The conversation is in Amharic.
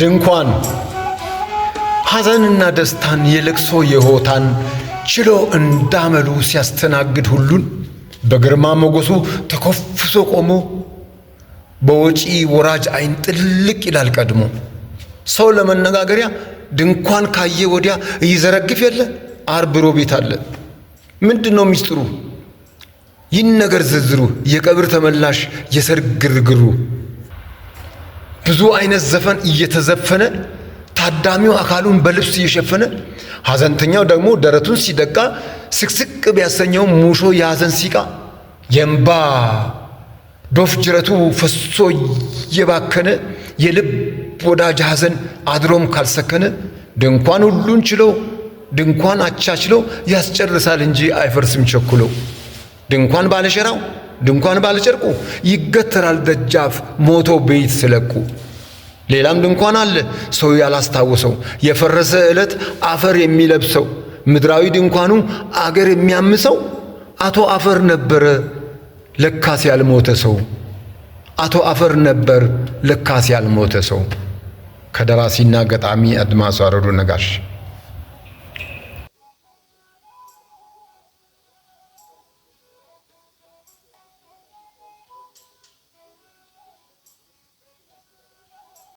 ድንኳን ሐዘንና ደስታን የለቅሶ የሆታን ችሎ እንዳመሉ ሲያስተናግድ ሁሉን በግርማ ሞገሱ ተኮፍሶ ቆሞ በወጪ ወራጅ ዓይን ጥልቅ ይላል ቀድሞ ሰው ለመነጋገሪያ ድንኳን ካየ ወዲያ እይዘረግፍ የለ አርብሮ ቤት አለ። ምንድን ነው ሚስጥሩ? ይህን ነገር ዝርዝሩ የቀብር ተመላሽ የሰርግ ግርግሩ ብዙ አይነት ዘፈን እየተዘፈነ ታዳሚው አካሉን በልብስ እየሸፈነ ሀዘንተኛው ደግሞ ደረቱን ሲደቃ ስቅስቅ ቢያሰኘው ሙሾ የሀዘን ሲቃ የእምባ ዶፍ ጅረቱ ፈሶ እየባከነ የልብ ወዳጅ ሀዘን አድሮም ካልሰከነ ድንኳን ሁሉን ችሎ ድንኳን አቻችለው ያስጨርሳል እንጂ አይፈርስም ቸኩለው ድንኳን ባለሸራው ድንኳን ባለጨርቁ ይገተራል ደጃፍ ሞቶ ቤት ስለቁ። ሌላም ድንኳን አለ ሰው ያላስታወሰው የፈረሰ ዕለት አፈር የሚለብሰው ምድራዊ ድንኳኑ አገር የሚያምሰው አቶ አፈር ነበረ ለካስ ያልሞተ ሰው አቶ አፈር ነበር ለካስ ያልሞተ ሰው። ከደራሲና ገጣሚ አድማሱ አረዱ ነጋሽ